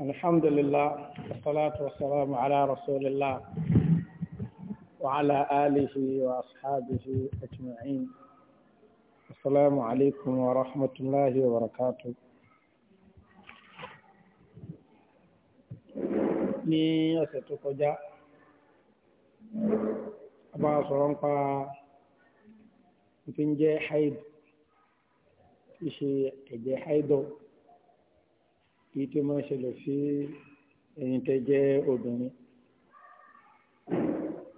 الحمد لله والصلاة والسلام على رسول الله وعلى آله وأصحابه أجمعين السلام عليكم ورحمة الله وبركاته ní ọ̀sẹ̀ tó kọjá a sọ̀rọ̀ nípa haid ìṣe ẹ̀jẹ̀ haidọ̀ èyí tó máa ṣẹlẹ̀ sí ẹ̀yin tẹ́ jẹ́ obìnrin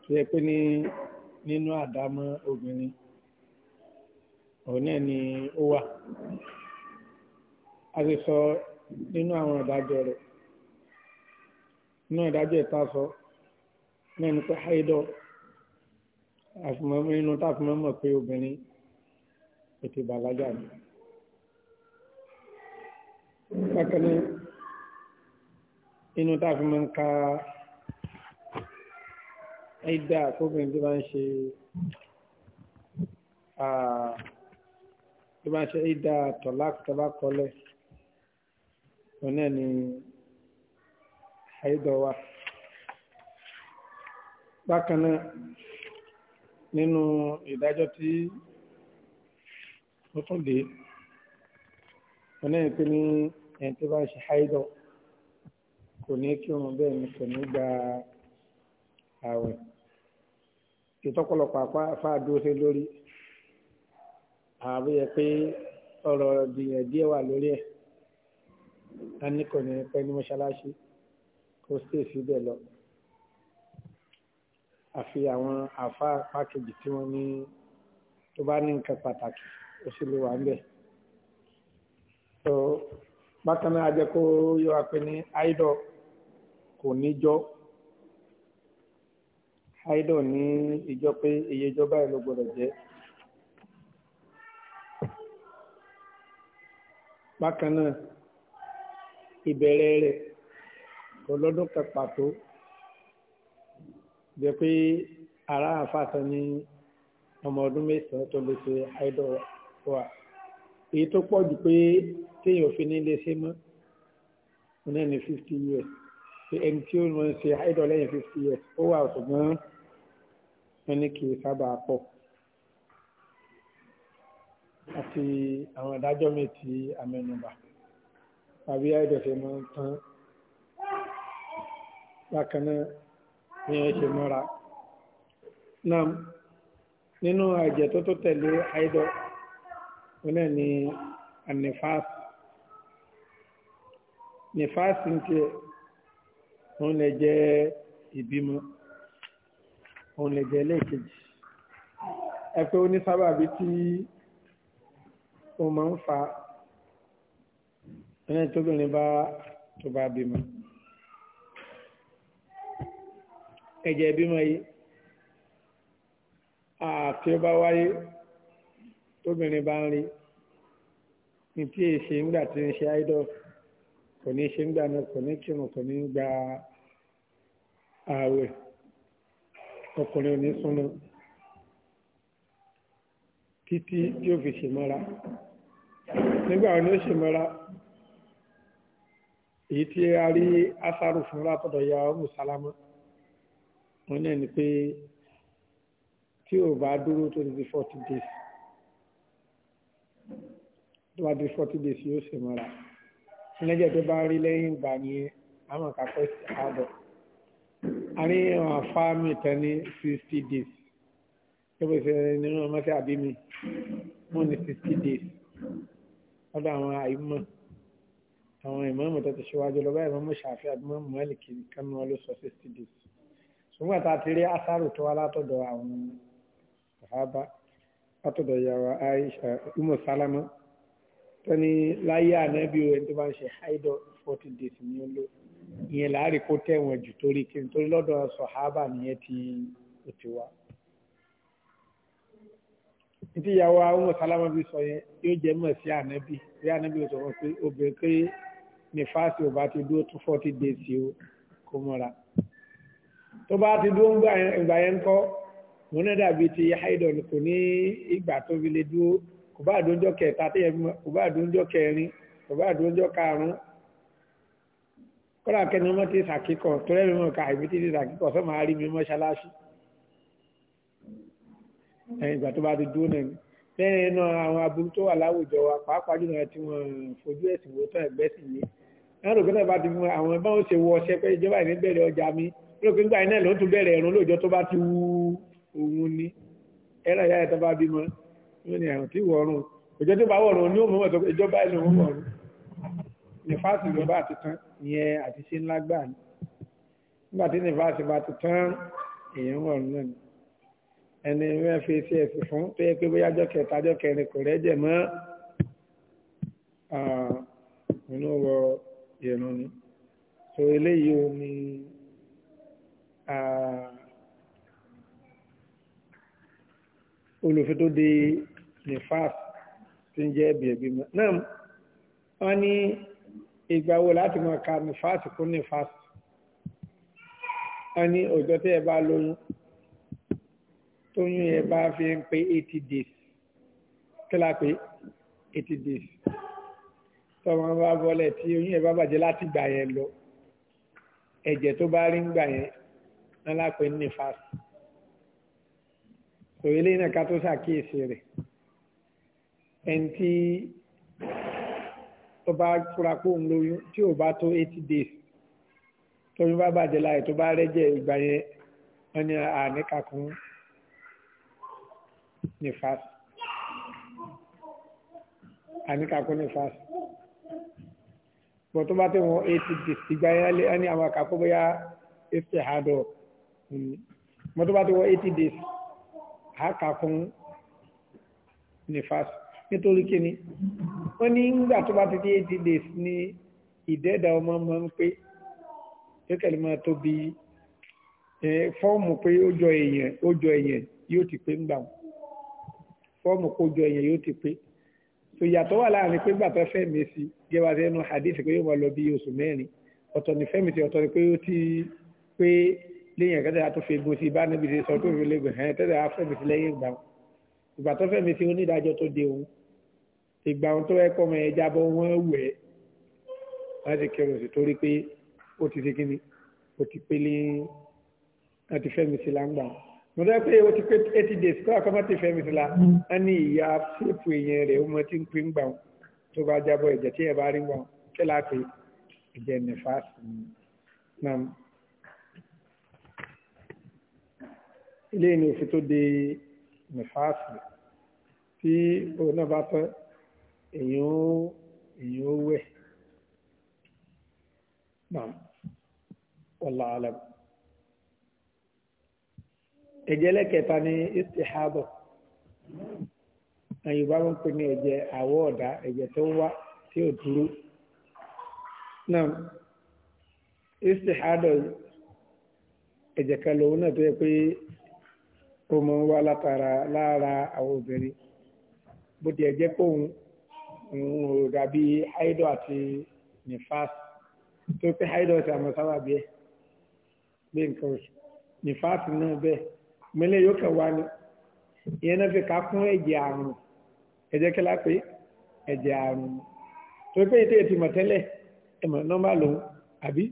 tó yẹ pé ní nínú àdámọ́ obìnrin òun náà ni ó wà a ti sọ nínú àwọn ìdájọ́ rẹ̀ nínú ìdájọ́ ìta sọ náà ni pé haidọ́ àfimọ́mọ́ inú táfimọ́mọ́ pé obìnrin ètò ìbàlájà ni. Bákan inú táàfin máa ń ka ẹ̀dá kóbìnrin tó bá ń ṣe tó bá ń ṣe ẹ̀dá tọ̀lákọ̀lẹ̀ òun náà ni àìdọ̀ wa bákan náà nínú ìdájọ́ tí ó tún dé òun náà ni pé ní ẹni tó bá ń ṣe àìdọ̀ kò ní kí wọn bẹ́ẹ̀ ni kò ní gba àwẹ̀ ìtọ́pọ̀lọpọ̀ afá dúró sí lórí àbúyẹ pé ọ̀rọ̀ ìgbìyànjú díẹ̀ wà lórí ẹ̀ a ní kò ní pẹ́ ní mọ́ṣáláṣí kó sì síbẹ̀ lọ àfi àwọn afá pákejì tí wọ́n ní tó bá ní nǹkan pàtàkì ó sì lè wà ń bẹ̀ bákan náà a jẹ́ kó yọ apẹ ní idol kò níjọ́ haido ní ìjọ pé iye ìjọ báyìí ló gbọdọ̀ jẹ́. bákan náà ìbẹ̀rẹ̀ rẹ̀ kò lọ́dún kan pàtó jẹ́ pé ara àfàtàn ní ọmọ ọdún mẹ́sàn-án tó lè ṣe haido wà èyí tó pọ̀ jù pé téèyàn fi ní ilé ṣe mọ́ ọ̀nà ní fifty years pé ẹni tí ó ń ṣe idol lẹ́yìn fifty years ó wà ṣùgbọ́n wọn ní kì í sábà pọ̀ àti àwọn ìdájọ́ mi ti amẹnubà tàbí idol ṣe máa ń tán bákan náà ní ẹ ṣe mọ́ra náà nínú àjẹ́ tó tó tẹ̀lé idol wọn náà ní anifas nifas ń tiẹ̀ òun lè jẹ́ ìbímọ òun lè jẹ́ lẹ́ẹ̀kejì ẹ pé ó ní sábàbí tí ó máa ń fa ẹni tóbìnrin bá tó bá bímọ ẹ̀jẹ̀ bímọ yìí àti ó bá wáyé tóbìnrin bá ń rí ní tí èsì ńgbà tí ń ṣe idol kò ní ṣe ńgbà náà kò ní kírun kò ní gba ààwẹ̀ ọkùnrin ò ní súnmọ́ títí tí ó fi ṣèmọ́ra nígbà wọn ni ó ṣèmọ́ra èyí tí a rí asaru fún látọ̀dọ̀ ya mùsálámà wọn náà ni pé tí ò bá dúró tó ti di forty days tó bá di forty days yóò ṣèmọ́ra ẹlẹ́jẹ̀ tó bá rí lẹ́yìn ìgbà yẹn àwọn kàkọ́ ìsìnkú àbọ̀ a ní àwọn afá mi tán ní sixty days yóò ṣe nínú mọ́tí àbí mi mo ní sixty days lọ́dọ̀ àwọn àìmọ̀ àwọn ìmọ̀ọ́mọ̀ tó ti ṣíwájú lọ́gbà ìmọ̀ọ́mọ̀ ṣàfihàn àbí mọ́ọ̀mù mọ́lìkì kánú ló sọ sixty days ṣùgbọ́n tá a ti rí asárò tó wá látọ̀dọ̀ àwọn sàhábà látọ̀dọ̀ yàrá Aisha Umu Salama tó ní láyé ànábì ẹni tó bá ń ṣe haidọ̀ forty days ní olóòtú ìyẹn láàárín kó tẹ̀wọ̀n jù torí kí n torí lọ́dọ̀ sọ̀hábà nìyẹn ti òtí wa. títí ìyàwó àwọn sálámà bí sọ yẹn yóò jẹ́ mọ̀ sí ànábì bí ànábì sọ wọn pé obìnrin pé ní fásitì ò bá ti dúró tún forty days o kó mọ́ra. tó bá ti dúró ìgbà yẹn ń kọ́ mo náà dàbí ti haidol kò ní ìgbà tó fi lè dúró kò bá àdóńjọ́ kẹta kò bá àdóńjọ́ kẹrin kò bá àdóńjọ́ karùn-ún kódà kẹ́ni ọmọ ti sàkíkọ̀ torí ẹ̀mí mọ̀ ká ìbí ti ti sàkíkọ̀ sọ́mọ àárí mi mọ́ṣáláṣí ẹ̀yìn ìgbà tó bá ti dúró náà lẹ́yìn náà àwọn aburú tó wà láwùjọ wa pàápàá jùlọ tí wọ́n fojú ẹ̀sìn wò tán ẹ̀gbẹ́ sì ní náà rò pé bá ti mú àwọn ẹ̀bá wọn ṣe wọ ọṣẹ pé ìjọba ìní bẹ̀rẹ̀ ọjà mi rò pé gbà iná ló tún bẹ̀rẹ̀ ẹ̀rùn lóòjọ́ tó bá ti wú òun ni ẹ̀rọ ìyá ẹ̀ bá bímọ ló ní àrùn tí wọ̀ọ̀rùn òjò tó bá wọ̀ọ̀rùn ní òmùmọ̀ ìjọba ìlú yẹn àti ṣe ńlá gbà ní nígbà tí nífàásì bá ti tán èèyàn wọ̀ náà ni ẹni wọ́n fi ṣe ẹ̀sìn fún tó yẹ pé bóyá jọ́kẹta jọ́kẹrin kò rẹ́jẹ̀ mọ́ ah, inú wọ ìrún ni so eléyìí o ni ah, olùfẹ́ tó de nífàásì tí ń jẹ́ ẹ̀bì ẹ̀bí mọ́ náà wọ́n ní ìgbà wo láti mọ̀ ká nífàsì kún nífàsì wọ́n ní ọjọ́ tí ẹ bá lóyún tóyún ẹ bá fi ń pé eighty days kí la pé eighty days tọ́mọ bá bọ́lẹ̀ tí oyún ẹ bá bàjẹ́ láti gbà yẹn lọ ẹ̀jẹ̀ tó bá rí ń gbà yẹn wọ́n lápẹ́ nífàsì òye náà ká tó ṣàkíyèsí rẹ̀ ẹni tí tó bá fura kó ń lóyún tí ò bá tó eighty days tóyún bá bàjẹ́ láyé tó bá rẹ́jẹ̀ ìgbà yẹn wọ́n ní àníkàkún ní fas àníkàkún ní fas bọ̀ tó bá tẹ̀ wọ́n eighty days ìgbà yẹn lé ẹni àwọn àkàkọ́ bóyá eighty àádọ́ bọ̀ tó bá tẹ̀ wọ́n eighty days àkàkún ní fas nítorí kíni wọ́n ní ngbà tó bá ti di eighty days ní ìdẹ́ẹ̀dá ọmọ máa ń pé kékeré máa tóbi fọ́ọ̀mù pé ó jọ èèyàn ó jọ èèyàn yóò ti pé ngbà wọn fọ́ọ̀mù kó jọ èèyàn yóò ti pé ìyàtọ̀ wà láàrin pé gbàtọ́ fẹ́mi sí gẹ́gbà tí ẹnu hadith pé yóò máa lọ bí oṣù mẹ́rin ọ̀tọ̀ ní fẹ́mi sí ọ̀tọ̀ ní pé ó ti pé léyìn kẹtẹ àti fi egun sí i níbi tí sọ pé òfin lè gbẹ̀hẹ́ tẹ́lẹ̀ á fẹ́mi sí lẹ́yìn ìgbà ìgbàtọ́ fẹ́mi sí onídàájọ́ tó de òun ìgbà tó yẹ kọ́ ọmọ yẹn jábọ́ wọ́n wẹ̀ láti kírun sí torí pé ó ti ṣe kíni ó ti pélé láti fẹ́mi sí láǹgbà mo dá pé ó ti pé eighty days kọ́ àkọ́mọ́ ti fẹ́mi sí la á mm-hmm. ní ìyá ṣépù èèyàn rẹ̀ ó mọ tí ń pín gbà wọn tó bá jábọ̀ ẹ̀jẹ̀ tí ẹ̀ bá rí wọn kí láti ẹ̀jẹ̀ nìfà sí náà. ilé ni òfin tó de nìfàásì tí òun náà bá tán èyí ó èyí ó wẹ̀ náà wallahu alam ẹ̀jẹ̀ lẹ́kẹta ní istihabo àyùbá ń pè ní ẹ̀jẹ̀ àwọ̀ ọ̀dà ẹ̀jẹ̀ tó ń wá tí ò dúró náà istihado ẹ̀jẹ̀ kan lòun náà tó yẹ pé ó máa wá látara lára àwọn obìnrin bó tiẹ̀ jẹ́ kóun ìwọ̀n òrògà bíi haido àti nifas tó pé haido ti àmọ́ sábà bí ẹ bí nǹkan oṣù nifas náà bẹ́ẹ̀ mẹ́lẹ̀ yóò kẹwà ni ìyẹn náà fi ká kún ẹ̀jẹ̀ àrùn ẹ̀jẹ̀ kẹlá pé ẹ̀jẹ̀ àrùn tó pé ètò ètò ìmọ̀tẹ́lẹ̀ ẹ̀mọ̀ nọ́mbà lòun àbí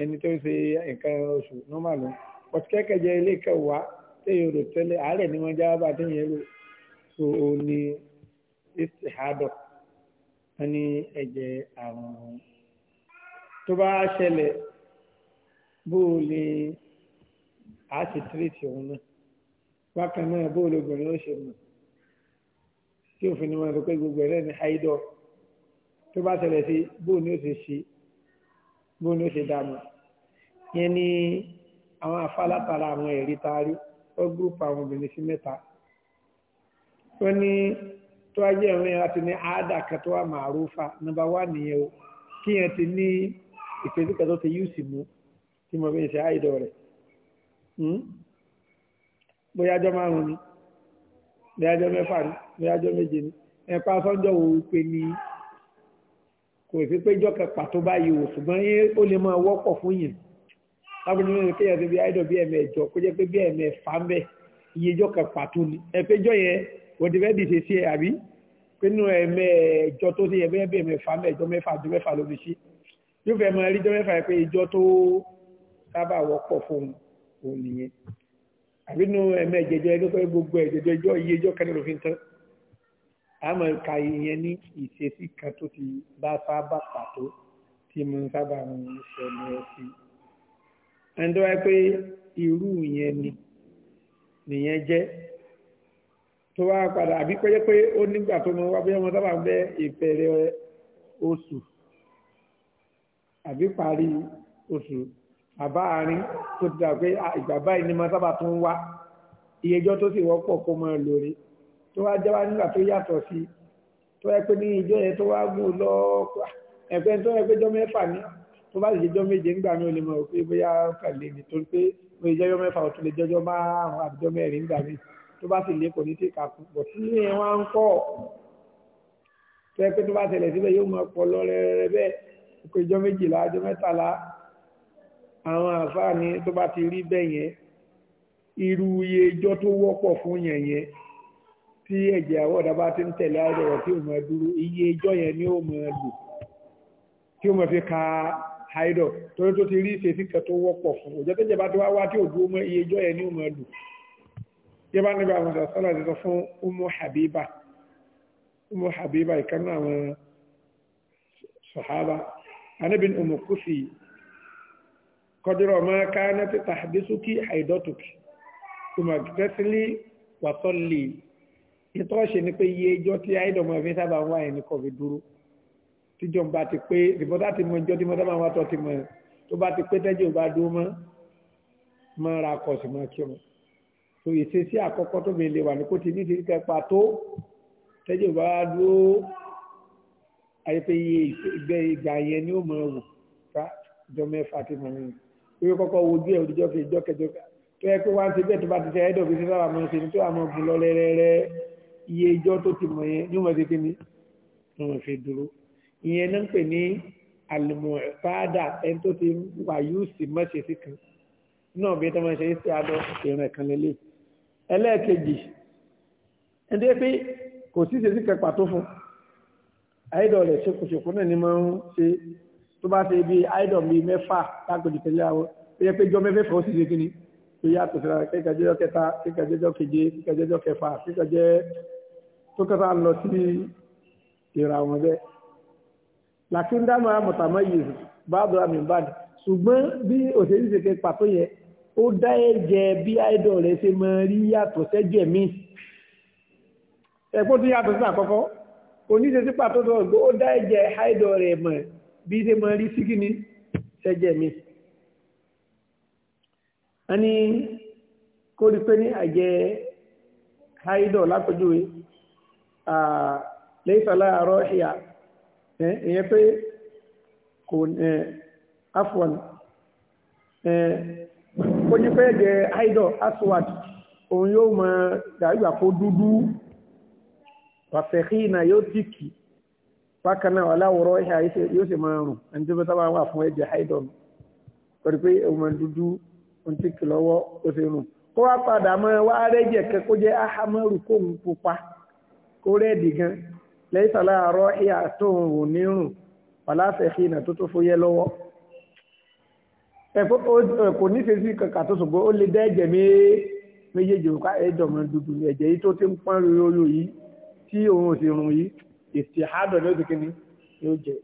ẹni tó ṣe nǹkan oṣù nọ́mbà lòun ọ̀tíkẹ́kẹ̀jẹ̀ ilé kẹwàá téèyàn rò tẹ́lẹ̀ àárẹ̀ ni wọ́n já bá téèyàn rò òun ni istihadọ wọn ní ẹ̀jẹ̀ àrùn ọ̀hún tó bá ṣẹlẹ̀ bó o lè a ṣe tírètì ọ̀hún náà bákan náà bó o lè obìnrin ó ṣe mọ̀ tí òfin ni wọn sọ pé gbogbo ẹ̀rẹ́ ní haidọ̀ tó bá ṣẹlẹ̀ sí bó o ní ó ṣe ṣe bó o ní ó ṣe dààmú yẹn ní àwọn afálátara àwọn ẹ̀rí taari wọ́n gúrúùpù àwọn obìnrin sí mẹ́ta wọ́n ní tó ajé ẹ̀rọ yẹn láti ní àádà kẹtọ́ wà màrúfà nọmba wà nìyẹn o kí yẹn ti ní ìpèsè kẹtọ́ ti yúùsì mú tí mo fi ń ṣe àìdọ̀ rẹ̀ hmm? bóyá ọjọ́ márùn-ún ni bóyá ọjọ́ mẹ́fà ni bóyá ọjọ́ méje ni ẹ̀pá sọ́njọ́ wo pé ní kò sí pé ìjọ kẹpà tó bá yìí wò ṣùgbọ́n ó lè máa wọ́pọ̀ fún yẹn lábùdó nínú kéèyàn ti bí àìdọ̀ bí ẹ̀mẹ̀ẹ̀jọ kó jẹ́ pé bí ẹ̀mẹ̀ẹ̀fà ń bẹ̀ iye ìjọ kẹpà tó ni ẹ̀pẹ́jọ́ yẹn o ti fẹ́ di ṣe sí ẹ àbí pé nínú ẹ̀mẹ́ẹ̀jọ tó ṣe ẹ̀mẹ́ bẹ̀ mẹ́fà mẹ́jọ mẹ́fà jọ mẹ́fà ló fi ṣí yóò fẹ́ mọ rí jọ mẹ́fà pé ìjọ tó sábà wọ́pọ̀ fóun òun nìyẹn àbí nínú ẹ̀mẹ́ẹ̀jẹjọ ẹgbẹ́ pé gbogbo ẹ̀jẹjọ ìjọ iye ìjọ kẹ́lẹ́ lófin tán àmọ́ ka ìyẹn ni ìṣesí kan tó ti bá sábà pàtó tí mo ń sábà ń ṣẹlẹ̀ sí ẹni tó wáyé pé irú ìyẹn ni nìyẹn jẹ́ tó wá padà àbí pé pé ó nígbà tó mọ wá bí ọmọ sábà bẹ ìbẹ̀rẹ̀ oṣù àbí parí oṣù àbá àárín tó ti dà pé ìgbà báyìí ni mo sábà tún wá ìyẹjọ́ tó sì wọ́pọ̀ kó mọ lórí tó wá jẹ́ wá nígbà tó yàtọ̀ sí tó yẹ pé ní ìjọ yẹn tó wá gùn lọ́ọ́pàá ẹ̀pẹ́ tó yẹ pé jọ́ mẹ́fà ní tó bá sì ṣe jọ́ méje nígbà mi ò lè mọ̀ pé bóyá kàlẹ́ ni torí pé mo lè jẹ́jọ́ mẹ́fà ò tún lè jẹ́jọ́ márùn-ún àbíjọ́ mẹ́rin nígbà mi tó bá sì lé kò ní tí kàkú bọ̀ tí ní ẹ wá ń kọ́ tó ẹ pé tó bá tẹ̀lẹ̀ síbẹ̀ yóò máa pọ̀ lọ rẹ̀rẹ̀ bẹ́ẹ̀ kó ìjọ méjìlá ọjọ́ mẹ́tàlá àwọn àfáà ní tó bá ti rí bẹ́ẹ̀ yẹn irú iye ìjọ tó wọ́pọ̀ fún yẹn yẹn tí ẹ̀jẹ̀ àwọ̀dà bá ti ń tẹ̀lé ayọ̀rọ̀ tí ò máa dúró iye ìjọ yẹn ni ó máa lò tí ó máa fi ka haidọ̀ tó ti rí ìṣesí kan tó wọ́pọ̀ fún òjò tẹ́jẹ̀ bá ti wá wá tí ò dúró mọ́ iye ìjọ yẹn ni ó máa lò yẹba níbi àwọn ìdásọ́lá ti sọ fún umu habiba umu habiba ìkànnì àwọn sọ̀hábà anábìn umu kufi kọjúrọ̀ máa ká náà ti tàbísúkì àìdọ́tùkì umu tẹ́sílì wàtọ́lì ìtọ́ṣe ni pé iye ìjọ tí àìdọ̀mọ̀ ẹ̀fín sábà wà ẹni kọ̀ fi dúró tíjọ bá ti pé ìbọ́dá ti mọ ìjọ tí mo dábàá wà tọ́ ti mọ̀ tó bá ti pé tẹ́jọ́ dúró mọ́ mọ́ ra kọ̀ mọ́ kí ọmọ so ìṣesí àkọ́kọ́ tó mi lè wà ní kó ti ní ti kẹ́ pa tó tẹ́jọ́ bá wá dúró ayépéye ìgbẹ́ ìgbà yẹn ni ó mọ̀ ọ́ wò ká ìjọ mẹ́fà ti mọ̀ nínú orí kọ́kọ́ wo díẹ̀ òdìjọ́ fi ìjọ kẹjọ tó yẹ pé wá ń ṣe bẹ́ẹ̀ tó bá ti ṣe ẹ̀dọ̀ fi sábà mọ̀ ṣe ni tó àmọ́ gùn lọ rẹ́rẹ́rẹ́ iye ìjọ tó ti mọ̀ yẹn ni ó mọ̀ ṣe kí ni wọ́n fi dúró ìyẹn náà ń pè ní ẹlẹ́ẹ̀kejì ẹdẹ pé kò sí ṣe sí kẹpà tó fún idol rẹ̀ ṣekúṣekú náà ni máa ń ṣe tó bá ṣe bí idol bíi mẹ́fà lágbèjì tẹ̀lé àwọn ó yẹ pé jọ mẹ́fẹ̀ẹ́fà ó sì ṣe kíni tó yàtọ̀ síra kíkàjẹ́jọ́ kẹta kíkàjẹ́jọ́ keje kíkàjẹ́jọ́ kẹfà kíkàjẹ́ tó kẹta lọ sí ìra wọn bẹ́ẹ̀. làkíńdàmọ́ àmọ̀tàmọ́ yìí bá a dọ̀ra mi bá a ṣùgbọ́n bí òṣèlú ṣe kẹ pàtó yẹ ó dá ẹ̀jẹ̀ bí idol rẹ̀ ṣe mọ rí yàtọ̀ sẹ́jẹ̀ mi ẹ̀kọ́ tó yàtọ̀ sí àkọ́kọ́ oníṣẹ́ sí pàtó tó ọ̀gbọ́ ó dá ẹ̀jẹ̀ idol rẹ̀ mọ̀ bí ṣe mọ rí síkíní sẹ́jẹ̀ mi a ní kó rí pé ní idol ó ní pé ẹ̀jẹ̀ idol aswad òun yóò mọ dàgbà kó dúdú wàfẹ̀hìnà yóò tìkì bákan náà aláwòrán ẹ̀hà yóò sì máa rùn ẹni tó bá sábà wà fún ẹ̀jẹ̀ idol torí pé ọmọ dúdú ń tìkì lọ́wọ́ ó sì rùn kó wá padà mọ́ wá rẹ́jẹ̀ kẹ́ kó jẹ́ ahamaru kó ń pupa kó rẹ́ẹ̀dì gan lẹ́yìn sàlá àárọ̀ ìyá tó ń rùn nírùn wàláfẹ̀hìnà tó tó fóyẹ́ lọ́wọ́ kò nífẹ̀ẹ́ sí kankan tó ṣùgbọ́n ó lè dá ẹ̀jẹ̀ méjèèjì òkú ẹ̀jọ̀ mọ́ dúdú ẹ̀jẹ̀ yìí tó ti ń pọ́n rí olú yìí tí òun ò sì rùn yìí ètì àádọ́ ní oṣù kìíní ni ó jẹ.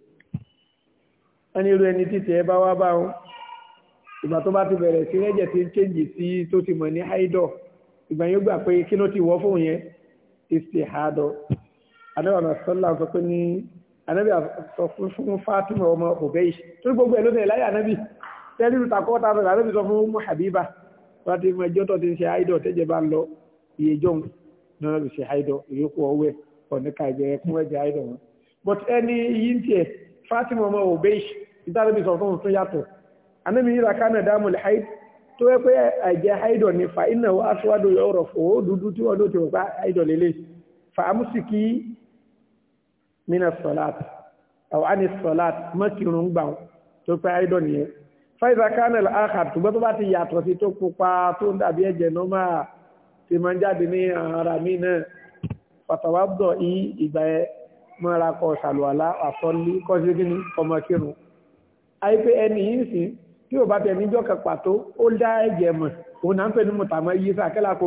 wọ́n ní irú ẹni títí ẹ bá wá bá wọn ìgbà tó bá ti bẹ̀rẹ̀ sí ẹ̀jẹ̀ ti ń chẹ́ǹjì sí tó ti mọ̀ ní áìdọ̀ ìgbà yóò gbà pé kí ló ti wọ́ fóun yẹn ètì àádọ́ anábìà sọ́lá sọ pé ní anábìà sọ fún Fatima ọmọ òbẹ́yì tó gbogbo ẹ̀ ló tẹ́lí ìlú takọ́ ta sọ̀rọ̀ àlébí sọ fún mú Habiba wọ́n ti mọ ẹjọ́ tó ti ń ṣe àìdọ̀ tẹ́jẹ̀ bá ń lọ iye jọ́ náà lè ṣe àìdọ̀ ìyókù ọwẹ́ ọ̀nìkà ìjẹ́ ẹkún ẹ̀jẹ̀ àìdọ̀ wọn. but ẹni yìí ń tiẹ̀ Fatima ọmọ obeyi ìtàlẹ́bí sọ fún tún yàtọ̀ anábì yìí ràkánà dáàmú haid tó yẹ pé ẹ̀jẹ̀ àìdọ̀ ni fa iná wa aṣọ́wádò yọ̀rọ̀ fò ó dúdú tí wọ́n ló ti fa amúsìkì mina sọ̀láàt àwọn àni sọ̀láàt mọ́kìrún gbà tó pé àìdọ̀ nìyẹn fáìsà kánẹl áhà tùgbọ́n tó bá ti yàtọ̀ sí tó pupa tó ń dàbí ẹ̀jẹ̀ nọ́mà ti máa ń jáde ní ara mi náà pàtàwá bọ̀ yí ìgbà ẹ mọ́ra kọ ṣàlùwàlá àsọ́lí kọ́sí kí ni ọmọ kírun àìpé ẹni yìí sìn tí ò bá tẹ níjọ́ kan pàtó ó dá ẹ̀jẹ̀ mọ̀ òun náà ń pè ní mùtàmọ́ yíṣà kẹ́lá kó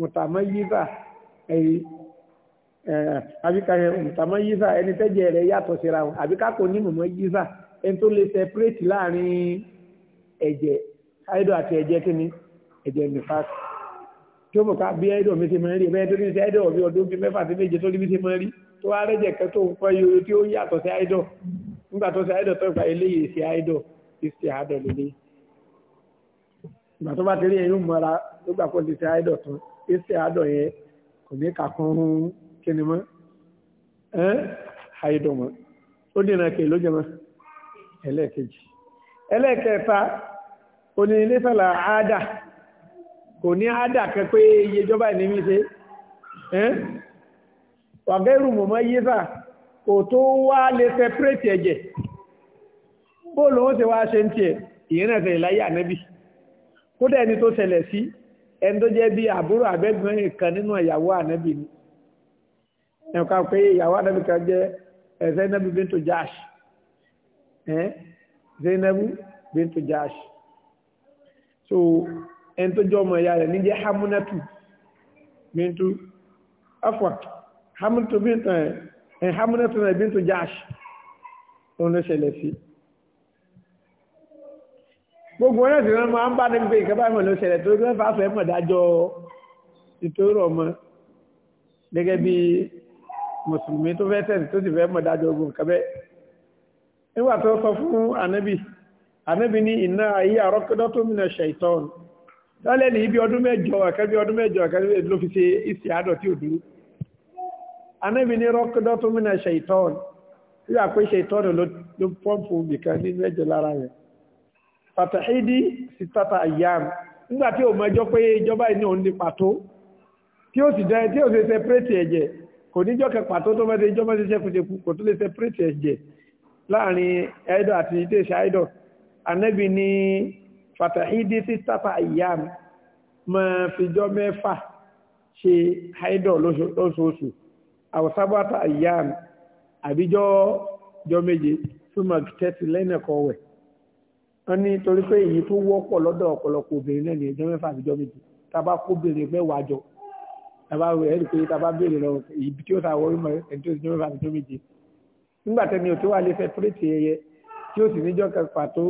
mùtàmọ́ yíṣà ẹ̀yìn àbíká mùtàmọ́ yíṣà ẹni tẹ́jẹ̀ rẹ̀ yàtọ̀ síra wọn ní mùmọ́ yíṣà ẹni tó lè separate láàrin ẹ̀jẹ̀ áìdọ̀ àti ẹ̀jẹ̀ kí ni ẹ̀jẹ̀ nìfàs tí ó mọ̀ ká bí áìdọ̀ mi ti mọ̀ rí ẹ̀bẹ́ tó ní sí áìdọ̀ bí ọdún bí mẹ́fà sí méje tó níbi ti mọ̀ rí tó wá rẹ́jẹ̀ kan tó ń pẹ́ tí ó yàtọ̀ sí áìdọ̀ nígbà tó sí tó eléyìí sí sí ìgbà tó bá ti rí sí ẹlẹ́ẹ̀kẹta onílẹ́sàlà àádà kò ní àádà kan pé iye ìjọba ìnímí ṣe wàgẹ́rù mọ̀mọ́ yíṣà kò tó wá lè sẹpẹ́rẹ́tì ẹ̀jẹ̀ bóòlù ó ti wá ṣe ń tiẹ̀ ìyẹn náà tẹ̀lé láyé ànẹ́bí kódà ẹni tó ṣẹlẹ̀ sí ẹni tó jẹ́ bí àbúrò àbẹ́gbọ́n kan nínú ìyàwó ànẹ́bí ni ẹ̀ka pé ìyàwó ànẹ́bí kan jẹ́ ẹ̀sẹ̀ ànẹ́bí bíntu jáàṣì zainabu bintu jash so ento tó jọ ni ìyá rẹ̀ hamunatu bintu afwa hamunatu bintu ẹ̀ eh, hamunatu náà bintu jash òun ló ṣẹlẹ̀ sí gbogbo ọ̀rẹ́ tí wọ́n máa ń bá ní pé ìkẹ́bá ìmọ̀ ló ṣẹlẹ̀ tó gbé fàáfẹ́ mọ̀ dájọ́ ìtòrò ọmọ gẹ́gẹ́ bí mùsùlùmí tó fẹ́ tẹ̀sí tó sì fẹ́ mọ̀ dájọ́ ogun kẹ́bẹ́ nígbà tó sọ fún ànábì ànábì ní iná ayé àrọ́kọ́dọ́ tó mìíràn ṣàìtọ́n lálẹ́ ní ibi ọdún mẹ́jọ àkẹ́bí ọdún mẹ́jọ àkẹ́bí ló fi ṣe ìsì àádọ́ tí ò dúró ànábì ní rọ́kọ́dọ́ tó mìíràn ṣàìtọ́n nígbà pé ṣàìtọ́n ló pọ́ǹpù nìkan ní mẹ́jọ lára rẹ̀ pàtàkì sítátà àyàm nígbà tí ò mọjọ́ pé ìjọba ìní òun ní pàtó tí ó sì jẹ́ tí ó sì separate ẹ̀jẹ̀ kò níjọ́ kẹ pàtó tó mẹ́ta ìjọba ti ṣẹ́kùjẹ́kù kò tó lè separate ẹ̀jẹ̀ láàrin ẹ̀dọ̀ àti ìtẹ́ṣẹ́ ẹ̀dọ̀ anẹ́bì ní fàtàídí sí tàfà ìyàm ma fìjọ́ mẹ́fà ṣe ẹ̀dọ̀ lóṣooṣù àwọ̀sábàtà ìyàm àbíjọ́ jọ méje súnmọ̀ tẹ́tì lẹ́nẹ̀kọ́ wẹ̀ wọ́n ní torí pé èyí tó wọ́pọ̀ lọ́dọ̀ ọ̀pọ̀lọpọ̀ obìnrin náà ní ẹjọ́ mẹ́fà àbíjọ́ méje tàbá kó obìnrin mẹ́wàá jọ tàbá rẹ̀ ẹ̀rí pé tàbá béèrè lọ èyí tí ó ta wọ́n ẹjọ́ mẹ́fà àbíjọ́ méje nígbà tẹ́mi ò tó wà lè fẹ́ pírètì ẹyẹ tí ó sì níjọ́ kan pàtó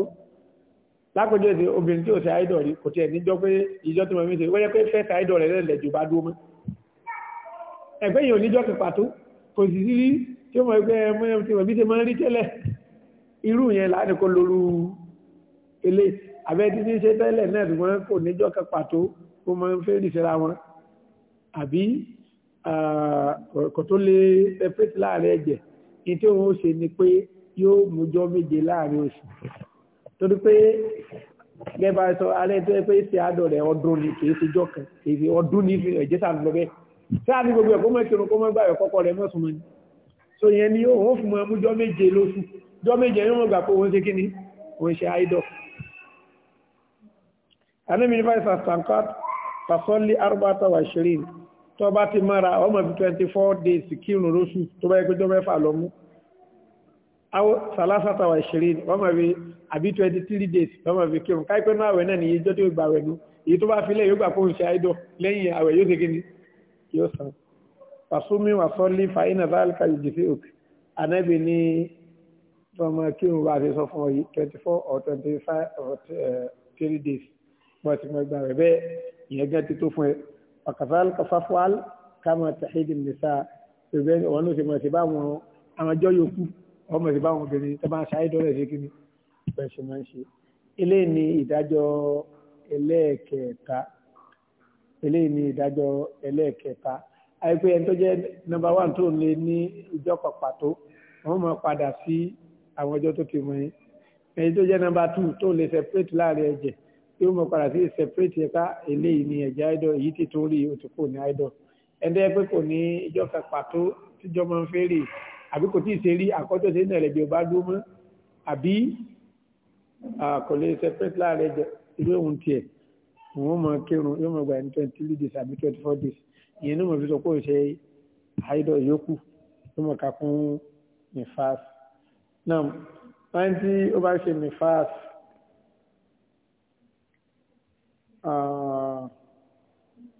lápẹjọ ìsìn obìnrin tí ò ṣe àìdọ̀ rí kò tiẹ̀ níjọ́ pé ìjọ tí mo mi ṣe wọ́yẹ́ pé fẹ́ẹ̀sì àìdọ̀ rẹ̀ lẹ́lẹ̀ jù bá dúró mọ́ ẹgbẹ́ yìí ò níjọ́ kan pàtó kò sì sí rí tí ó mọ̀ ẹgbẹ́ mọ́yẹ́ tí mo bí ṣe máa ń rí tẹ́lẹ̀ irú yẹn láti kó lóru ilé abẹ́ títí ṣe tẹ́lẹ̀ náà ṣùgbọ́n kò níjọ́ ìtí òun ó ṣe ni pé yóò mújọ́ méje láàrin oṣù torí pé gẹ́gẹ́ bá sọ alẹ́ tó yẹ pé ṣe àádọ́ rẹ̀ ọdún ni kì í ṣe jọ́ kan kì í ṣe ọdún ní fi ẹ̀jẹ̀ sáà lọ bẹ́ẹ̀ sáà ní gbogbo ẹ̀ kó mọ̀ ìṣòro kó kọ́kọ́ rẹ̀ mọ̀sùn mọ́ni so yẹn ni òun ó fún mọ́ mújọ́ méje lóṣù jọ́ méje yóò mọ̀ gbà pé òun ṣe kí ni òun ṣe àìdọ̀ anamínífà ìsàkàkà fasọ́lì arúgbó àtàwà ìṣirin tó bá ti mara ọmọ bí 24 days kírun lóṣù tó bá yẹ pé tó mẹ́fà lọ mú sàlásàtàwà ìṣeré ọmọ bí àbí 23 days ọmọ bí kírun káìpẹ́ náà àwẹ̀ náà nìyí jọ́ tí ó gbà àwẹ̀ nú èyí tó bá filẹ̀ yóò gbà kóhùn ṣe àìdọ̀ lẹ́yìn àwẹ̀ yóò ṣe kíni yóò san pàṣúmí wà sọ́lí fàáyínà záàlìkà ìjìfẹ́ òkè ànábì ní ọmọ kírun bá ṣe sọ fún ọ yìí 24 or 25 or 30 eh, days wọ́n ti mọ ìgbà rẹ̀ bẹ́ẹ̀ ìyẹn gẹ́ ti tó fún ẹ وكذلك فافعل كما تحيد النساء ìbẹ́ni ọ̀wọ́n ló ṣe mọ̀ sí báwọn àwọn ọjọ́ yòókù ọmọ sí báwọn obìnrin tó bá ń ṣáyé dọ́rẹ̀ sí kí ni bẹ́ẹ̀ ṣe máa ń ṣe. eléyìí ni ìdájọ́ ẹlẹ́ẹ̀kẹta eléyìí ni ìdájọ́ ẹlẹ́ẹ̀kẹta àìpé ẹni tó jẹ́ nọ́mbà wán tó lé ní ìjọ kan pàtó wọ́n máa padà sí àwọn yóò mọ̀ padà sí separate ẹ̀ka eléyìí ní ẹ̀jẹ̀ idol èyí ti tún rí òtún kò ní idol ẹ̀ndẹ́ pé kò ní ìjọ kan pàtó tíjọ́ máa ń fẹ́ rè àbí kò tíì ṣe rí àkọ́jọ́ sí ìnà ẹ̀lẹ́bí ọba dúró mọ́ àbí kò lè separate láàrẹ̀ jẹ irú òun tiẹ̀ òun mọ̀ kírun yóò mọ̀ gbà twenty three days àbí twenty four days ìyẹn ní mọ̀ fi sọ pé òun ṣe yòókù yóò mọ̀ ká fún nifas náà wọ́n ti ó bá ṣe nifas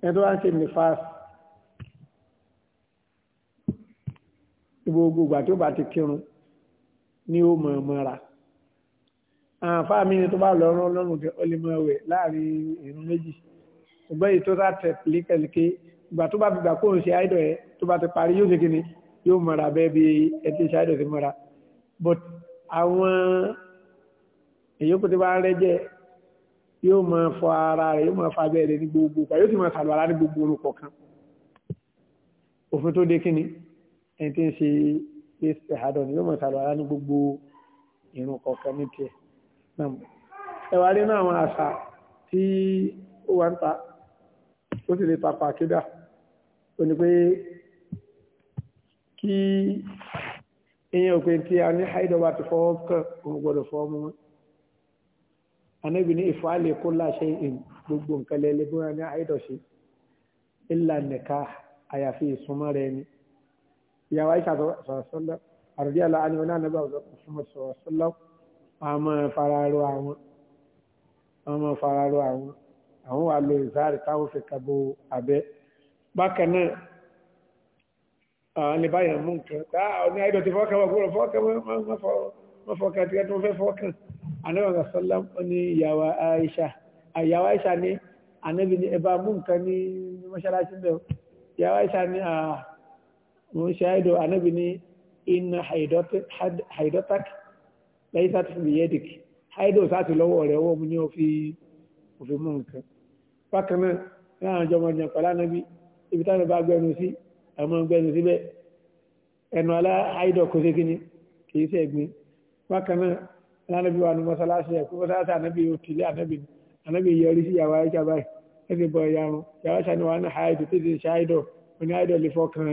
ẹni tó ṣe nifas gbogbo ìgbà tí bá ti kírun ní ó mọ̀ mọ́ra àǹfà mi ni tó bá lọ rán lọ́rùn kẹ ọlẹ́mọ̀wẹ̀ láàrin ìrun méjì ṣùgbọ́n èyí tó sá tẹ̀lé kẹ̀lẹ́kẹ́ ìgbà tó bá fi gbà kóhùn ṣe àìdọ̀ ẹ̀ tó bá ti parí yóò ṣe kí ni yóò mọ̀ra bẹ́ẹ̀ bí ẹ ti ṣe àìdọ̀ ti mọ̀ra but àwọn èyí kò ti bá ń yóò máa fọ ara rẹ̀ yóò máa fọ abẹ́ rẹ̀ ní gbogbo ìgbà yóò sì máa sàlùwàlá ní gbogbo orúkọ kan òfin tó dé kíni ẹni tí ń ṣe ìṣèhádọ ni yóò máa sàlùwàlá ní gbogbo irun kọ̀ọ̀kan ní tiẹ̀ náà ẹwà rí náà àwọn àṣà tí ó wà ń ta ó sì lè tapà kídà ó ní pé kí ìyẹn òpin tí a ní haidọba ti fọwọ́ kàn òun gbọ́dọ̀ fọwọ́ mọ́ anábì ní ìfọ́àlẹ̀ kó láṣẹ ìn gbogbo nǹkan lẹ́lẹ́ bí wọ́n ní àìdọ̀ṣe ìlà nìka àyàfi ìsúnmọ́ rẹ ni ìyàwó àìsà sọ̀rọ̀sọ́lọ́ àròdí àlọ́ àni wọn náà bá ọ̀sọ́mọ sọ̀rọ̀sọ́lọ́ àmọ́ fararo àwọn àmọ́ fararo àwọn àwọn wà lo ìzáàrí táwọn fi kabo abẹ́ bákan náà àwọn lè mú nǹkan tá àwọn ní àìdọ̀tí fọ́ọ̀kan wọ̀ fọ́ọ̀kan mọ́ fọ́ọ̀kan tí wọ́n fẹ́ fọ́ọ̀kan anábìnrin sọ́lá ní ìyàwó Aisha ìyàwó Aisha ní anábì ní ẹba mú nǹkan ní mọ́ṣáláṣí bẹ́ẹ̀ ìyàwó Aisha ní àwọn ṣe àìdọ̀ anábì ní iná haidotak lẹ́yìn sáà ti fi yẹ́dìk haidọ̀ sáà ti lọ́wọ́ rẹ̀ ọwọ́ mu ní òfin mú nǹkan bákan náà ní àwọn ọjọ́ ọmọdé pẹ̀lú anábì ibi táwọn bá gbẹnu sí àwọn gbẹnu síbẹ̀ ẹnu alá haidọ̀ lánàbí wa ní mọ́sálásí ẹ̀ kó mọ́sálásí ànábì òkèlé ànábì ànábì yọrí sí yàwá ẹ̀ṣà báyìí ẹ̀sìn bọ̀ ẹ̀yà run yàwá ṣàní wa ní àìdò tètè ṣe àìdò oní àìdò lè fọkàn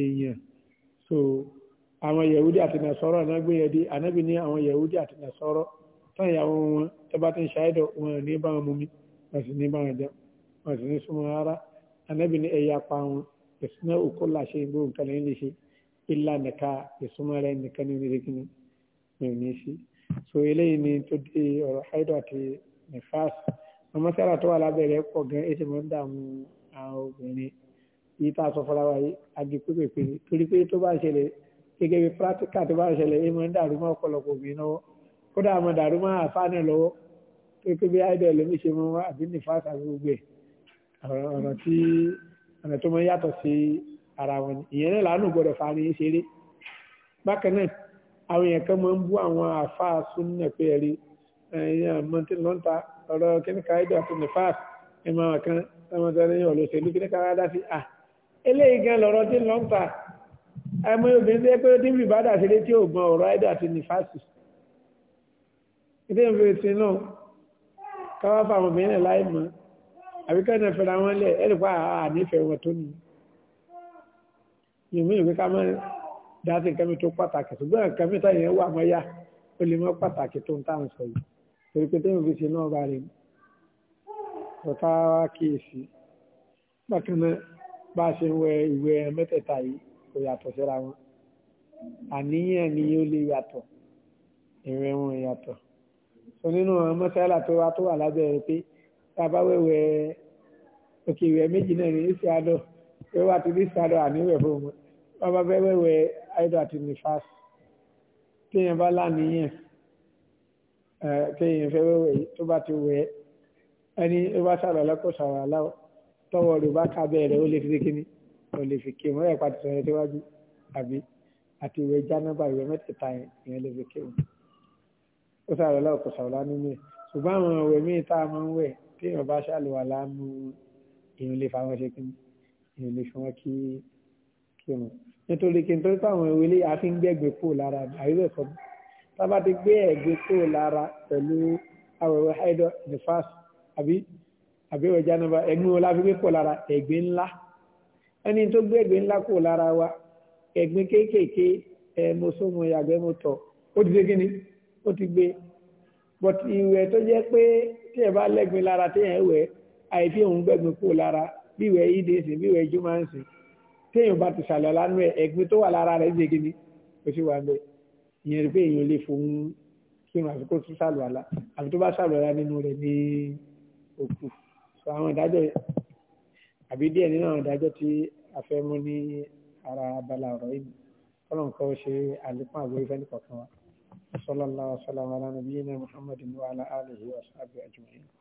èèyàn so àwọn yahudi àti nasọrọ náà gbé yẹdi ànábì ní àwọn yahudi àti nasọrọ táwọn ìyàwó wọn tó bá ti ń ṣe àìdò wọn ní bá wọn mumi wọn sì ní bá wọn jẹun wọn sì ní súnmọ́ rárá ànábì ní ẹ̀yà pa wọn ìsúná òkú so eléyìí ni tó di ọ̀rọ̀ haidu àti nifas ọmọ sára tó wà lábẹ́rẹ́ pọ̀ gan ẹ̀ sì máa ń dààmú àwọn obìnrin yìí tá a sọ fọlá wa yìí agi pépèpè torí pé tó bá ṣẹlẹ̀ gẹ́gẹ́ bí pírátíkà tó bá ṣẹlẹ̀ ẹ̀ máa ń dàrú mọ́ ọ̀pọ̀lọpọ̀ obìnrin lọ́wọ́ kódà àmọ́ dàrú mọ́ àfáàní lọ́wọ́ pé pé bí haidu ẹlòmí ṣe mọ́ àbí nifas àbí gbogbo ẹ̀ ọ̀rọ̀ tí ọ̀nà tó máa yàtọ̀ àwọn èèyàn kan máa ń bú àwọn àfáà súnnà pé ẹ̀rí ẹ̀yìn àmọ́tí lọ́ńtà ọ̀rọ̀ kíníkà ìdọ̀ àti nìfàs ẹ̀mọ kan ẹ̀mọ́tẹ́lẹ́ yàn olóṣèlú kíníkà rádá sí à eléyìí gan lọ́rọ̀ tí lọ́ńtà ẹ̀mọ obìnrin tó yẹ pé tí bìbádà sí létí ògbọ́n ọ̀rọ̀ ìdọ̀ àti nìfàs ìdí ìfẹ́ sí náà káwá fáwọn obìnrin láì mọ́ àbíkẹ́ náà fẹ́ra wọn dáhùn nǹkan mi tó pàtàkì ṣùgbọ́n nǹkan mi táyà yẹn wà mọ́ yá ó lè mọ́ pàtàkì tó ń tà ń sọ yìí torí pé téèyàn fi ṣe náà bá rí ọ̀tá wa kíyèsí bákan náà bá a ṣe ń wẹ ìwé mẹ́tẹ̀ẹ̀ta yìí kò yàtọ̀ síra wọn àníyàn ni ó lè yàtọ̀ ìrìn wọn yàtọ̀ so nínú mọ́sálà tó wá tó wà lábẹ́ rẹ pé tá a bá wẹ̀wẹ̀ òkè ìwẹ̀ méjì náà ní ìsì àdọ̀ wẹ́wà tó ní ìsì àdọ̀ àníwẹ̀ fún wọn bá bá wẹ̀wẹ̀ aido àti nifas téèyàn bá láníyàn téèyàn fẹ́ wẹ̀wẹ̀ tó bá ti wẹ̀ ẹni tó bá sàrọ̀ lẹ́kọ̀ọ́ sàrọ̀ aláwọ̀ tọwọ́ rẹ̀ bá kábẹ́ rẹ̀ ó lè fi kíni ó lè fi kí wọ́n ẹ̀ pàtó sọ̀rọ̀ síwájú àbí àti ìwé jánábà ìwé mẹ́tẹ̀ẹ̀ta yẹn lè fi kí wọ́n ó sàrọ̀ aláwọ̀ kò lánú mi ṣùgbọ́n àwọn ìwé míì tá a máa ń wẹ̀ téèyàn bá ṣàlùwà lánú èèyàn lè fa wọn ṣe kíni èèyàn lè fi wọn kí sínú nítorí kí n tó táwọn ewé lé a fi ń gbẹ́gbẹ́ kúrò lára àyẹ̀wò ẹ̀kọ́ tábà ti gbé ẹ̀gbẹ́ kúrò lára pẹ̀lú awẹ̀wẹ̀ haidọ̀ nifas àbí àbẹ̀wẹ̀ jánaba ẹ̀gbin wo la fi gbé kúrò lára ẹ̀gbin ńlá ẹni tó gbé ẹ̀gbin ńlá kúrò lára wa ẹ̀gbin kéékèèké ẹ̀ mo só mo yàgbẹ́ mo tọ̀ ó ti ṣe kí ni ó ti gbé bọ̀t ìwẹ̀ tó jẹ́ pé tí ẹ bá lẹ́gbin lára téèyàn wẹ̀ àìfi òun gbẹ́gbin kúrò lára bí ìwẹ̀ yídèsìn bí ìwẹ̀ jùmọ̀ ń téèyàn bá ti sàlọ̀ lánú ẹ̀ ẹ̀gbin tó wà lára rẹ̀ jẹ́gi ni ó sì wà ń bẹ ìyẹn rí pé èèyàn lè fòun kírun àfikò tún sàlọ̀ àlá àfi tó bá sàlọ̀ àlá nínú rẹ̀ ní òkú sọ àwọn ìdájọ́ àbí díẹ̀ nínú àwọn ìdájọ́ tí a fẹ́ mú ní ara abala ọ̀rọ̀ yìí kọ́lọ̀n kọ́ ṣe àlékún àgbọ̀ ìfẹ́ nìkọ̀ọ̀kan wa sallallahu alaihi wa sallam ala nabiyina muhammadin wa ala alihi wa